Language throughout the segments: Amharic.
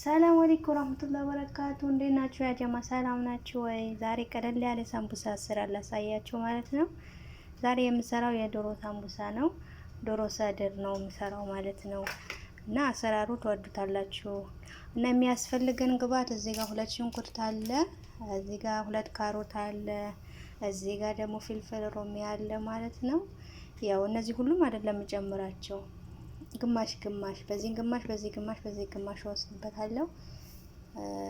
ሰላም አለይኩም ወራህመቱላሂ ወበረካቱ። እንዴት ናችሁ? ያጀማ ሰላም ናችሁ ወይ? ዛሬ ቀለል ያለ ሳምቡሳ ስራ ላሳያችሁ ማለት ነው። ዛሬ የምሰራው የዶሮ ሳምቡሳ ነው። ዶሮ ሰድር ነው የምሰራው ማለት ነው። እና አሰራሩ ትወዱታላችሁ። እና የሚያስፈልገን ግብአት እዚህ ጋር ሁለት ሽንኩርት አለ፣ እዚህ ጋር ሁለት ካሮት አለ፣ እዚህ ጋር ደግሞ ፍልፍል ሮሚ አለ ማለት ነው። ያው እነዚህ ሁሉም አይደለም ጨምራቸው። ግማሽ ግማሽ በዚህ ግማሽ በዚህ ግማሽ በዚህ ግማሽ ወስንበታለሁ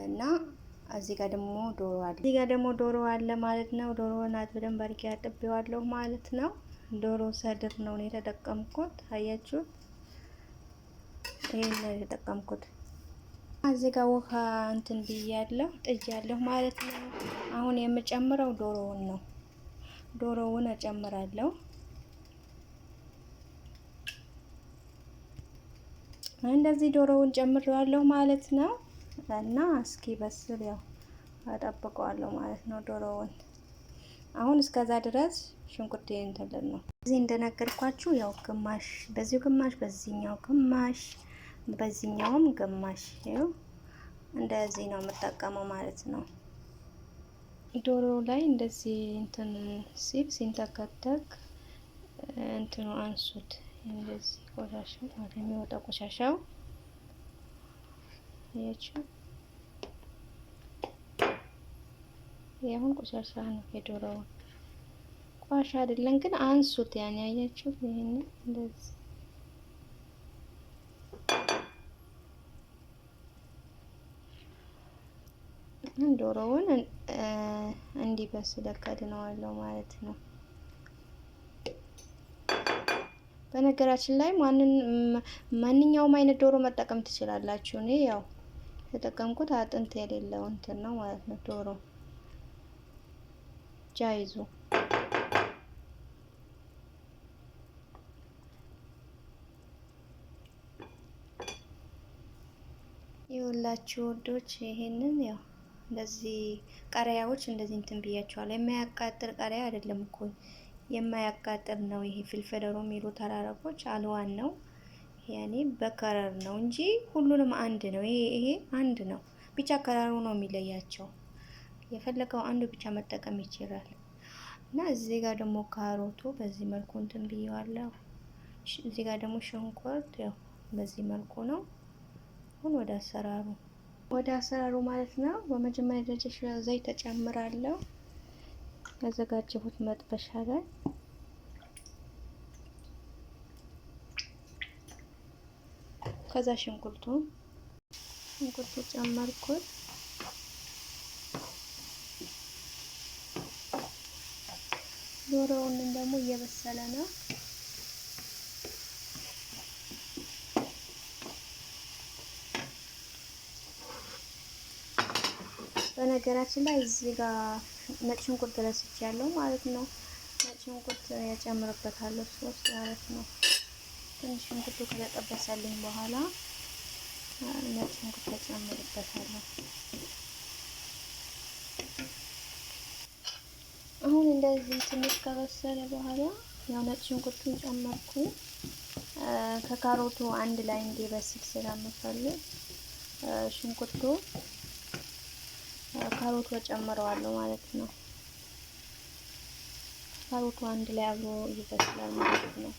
እና እዚህ ጋር ደግሞ ዶሮ አለ። እዚህ ጋር ደግሞ ዶሮ አለ ማለት ነው። ዶሮ ናት በደንብ አድርጌ አጥቤዋለሁ ማለት ነው። ዶሮ ሰድር ነው እኔ የተጠቀምኩት። አያችሁት? ይሄን ነው የተጠቀምኩት። እዚህ ጋር ውሃ እንትን ብያለሁ ጥያለሁ ማለት ነው። አሁን የምጨምረው ዶሮውን ነው። ዶሮውን እጨምራለሁ እንደዚህ ዶሮውን ጨምሬዋለሁ ማለት ነው። እና እስኪ በስል ያው አጠብቀዋለሁ ማለት ነው ዶሮውን። አሁን እስከዛ ድረስ ሽንኩርት እንትልን ነው እዚህ እንደነገርኳችሁ ያው ግማሽ በዚሁ ግማሽ በዚህኛው ግማሽ በዚህኛውም ግማሽ ይኸው እንደዚህ ነው የምጠቀመው ማለት ነው። ዶሮ ላይ እንደዚህ እንትን ሲል ሲንተከተክ እንትኑ አንሱት እንደዚህ ቆሻሻ ማለት የሚወጣው ቆሻሻው ያችሁ ያሁን ቆሻሻ ነው የዶሮው ቆሻሻ አይደለም ግን አንሱት ያን ያያችሁ ይሄን እንደዚህ ዶሮውን እንዲበስል እከድነዋለሁ ማለት ነው በነገራችን ላይ ማንኛውም አይነት ዶሮ መጠቀም ትችላላችሁ። እኔ ያው የተጠቀምኩት አጥንት የሌለው እንትን ነው ማለት ነው። ዶሮ ጃይዙ የወላችሁ ወዶች ይሄንን ያው እንደዚህ ቀሪያዎች እንደዚህ እንትን ብያቸዋለሁ። የማያቃጥል ቀሪያ አይደለም እኮ የማያቃጥል ነው። ይሄ ፊልፌደሮ የሚሉት አራረቆች አልዋን ነው ያኔ በከረር ነው እንጂ ሁሉንም አንድ ነው። ይሄ ይሄ አንድ ነው፣ ብቻ ከረሩ ነው የሚለያቸው። የፈለገው አንዱ ብቻ መጠቀም ይችላል። እና እዚህ ጋር ደግሞ ካሮቱ በዚህ መልኩ እንትን ብየዋለሁ። እዚህ ጋር ደግሞ ሽንኩርት ያው በዚህ መልኩ ነው። አሁን ወደ አሰራሩ ወደ አሰራሩ ማለት ነው። በመጀመሪያ ደረጃ ዘይት ተጨምራለሁ። ያዘጋጀሁት መጥበሻ ላይ ከዛ ሽንኩርቱ ሽንኩርቱ ጨመርኩት። ዶሮውንም ደግሞ እየበሰለ ነው። በነገራችን ላይ እዚህ ጋር ነጭ ሽንኩርት ያለው ማለት ነው። ነጭ ሽንኩርት ያጨምርበታለሁ ሶስት ማለት ነው። ትንሽ ሽንኩርቱ ከተጠበሰልኝ በኋላ ነጭ ሽንኩርት ያጨምርበታለሁ። አሁን እንደዚህ ትንሽ ከበሰለ በኋላ ያው ነጭ ሽንኩርቱን ጨመርኩ። ከካሮቱ አንድ ላይ እንዲበስል ስለምፈልግ ሽንኩርቱ ካሮቱ ጨምረዋለሁ ማለት ነው። ካሮቱ አንድ ላይ አብሮ ይበስላል ማለት ነው።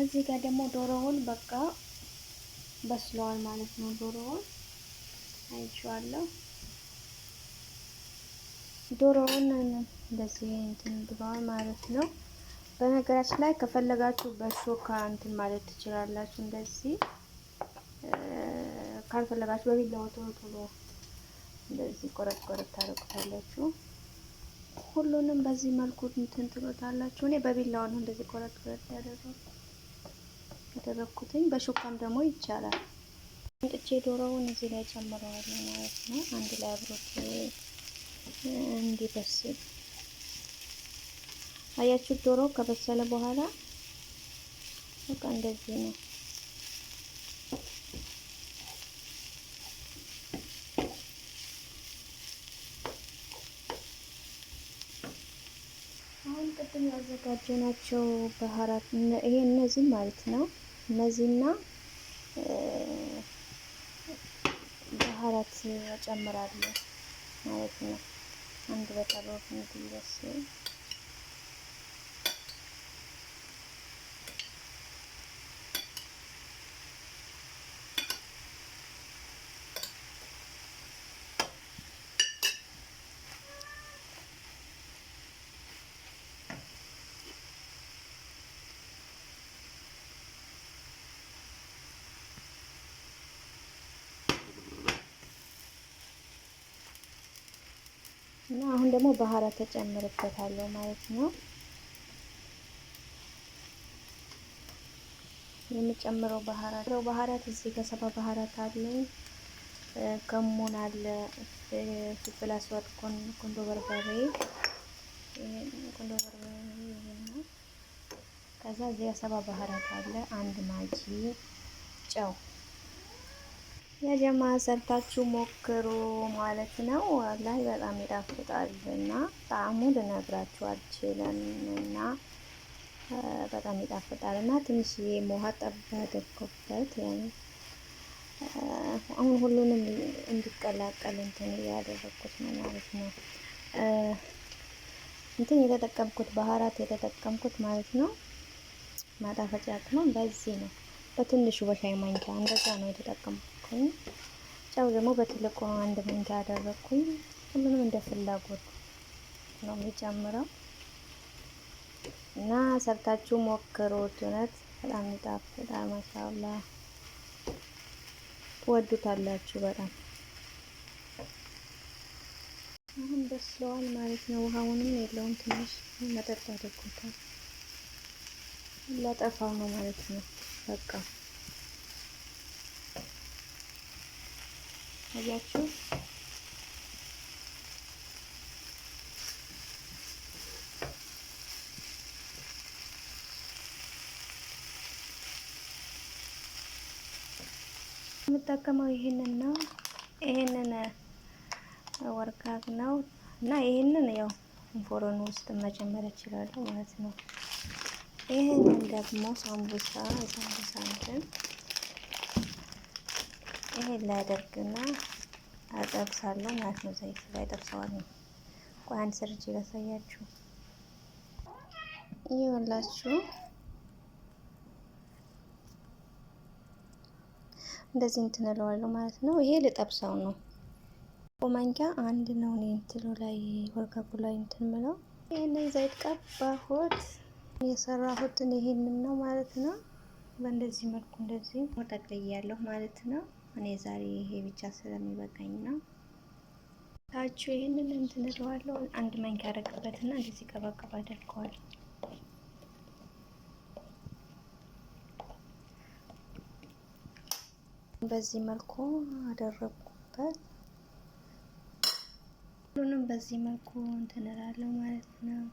እዚህ ጋር ደግሞ ዶሮውን በቃ በስለዋል ማለት ነው። ዶሮውን አይቼዋለሁ። ዶሮውን እንደዚህ እንትን ብለዋል ማለት ነው። በነገራችን ላይ ከፈለጋችሁ በሾካ እንትን ማለት ትችላላችሁ። እንደዚህ ካልፈለጋችሁ በቢላዋ ቶሎ ቶሎ እንደዚህ ቆረጥ ቆረጥ ታደርጉታላችሁ። ሁሉንም በዚህ መልኩ እንትን ትሎታላችሁ። እኔ በቢላዋ ነው እንደዚህ ቆረጥ ቆረጥ ያደረኩት። ያደረኩትኝ። በሹካም ደግሞ ይቻላል። አምጥቼ ዶሮውን እዚህ ላይ ጨምረዋለሁ ማለት ነው። አንድ ላይ አብሮት እንዲበስል አያችሁ። ዶሮ ከበሰለ በኋላ በቃ እንደዚህ ነው። አሁን ቅድም ያዘጋጀናቸው ባህራት ይሄ እነዚህ ማለት ነው። እነዚህና ባህራት እጨምራለሁ ማለት ነው። አንድ በቀረው ትንሽ እና አሁን ደግሞ ባህራ ተጨምርበታለሁ ማለት ነው። የምጨምረው ባህራት ነው። ባህራት እዚህ ከሰባ ባህራት አለ፣ ከሙን አለ፣ ፍልፍል አስዋድ፣ ኮንዶ በርበሬ ኮንዶ በርበሬ ከዛ እዚህ ከሰባ ባህራት አለ፣ አንድ ማጂ ጨው የጀማ ሰርታችሁ ሞክሩ ማለት ነው። ወላሂ በጣም ይጣፍጣል እና ጣዕሙ ልነግራችሁ አልችልም እና በጣም ይጣፍጣል እና ትንሽዬ ውሃ ጠብ አድርጎበት አሁን ሁሉንም እንዲቀላቀል እንትን እያደረግኩት ነው ማለት ነው። እንትን የተጠቀምኩት ባህራት የተጠቀምኩት ማለት ነው። ማጣፈጫ ቅመም በዚህ ነው። በትንሹ በሻይ ማንኪያ እንደዛ ነው የተጠቀምኩኝ። ጨው ደግሞ በትልቁ አንድ ማንኪያ አደረግኩኝ። ሁሉንም እንደ ፍላጎት ነው የሚጨምረው እና ሰርታችሁ ሞክሩት። እውነት በጣም ይጣፍጣል። ማሻላ ትወዱታላችሁ በጣም አሁን በስለዋል ማለት ነው። ውሃውንም የለውም ትንሽ መጠጥ አድርጎታል። ላጠፋው ነው ማለት ነው። በቃ አያችሁ የምጠቀመው ይህንን ነው። ይህንን ወርጋግ ነው እና ይህንን ያው ፎሮን ውስጥ መጀመር እችላለሁ ማለት ነው። ይህንን ደግሞ ሳምቡሳ የሳምቡሳ እንትን ይሄን ላይ አጠብሳለሁ ማለት ነው። ዘይት ላይ ጠብሰዋለሁ። ቆይ አንድ ሰርጅ ላሳያችሁ። ይኸውላችሁ እንደዚህ እንትን እለዋለሁ ማለት ነው። ይሄ ልጠብሰው ነው። ማንኪያ አንድ ነው። እኔ እንትኑ ላይ ወርቀቁ ላይ እንትን ምለው ይህንን ዘይት ቀባሁት። የሰራሁትን ይሄንን ነው ማለት ነው። በእንደዚህ መልኩ እንደዚህ ጠቅልያለሁ ማለት ነው። እኔ ዛሬ ይሄ ብቻ ስለሚበቃኝ ነው። ታችሁ ይህንን እንትን እለዋለሁ። አንድ ማንኪያ አረግበትና እንደዚህ ቀባቀባ አደርገዋል። በዚህ መልኩ አደረግኩበት። ሁሉንም በዚህ መልኩ እንትን እላለሁ ማለት ነው።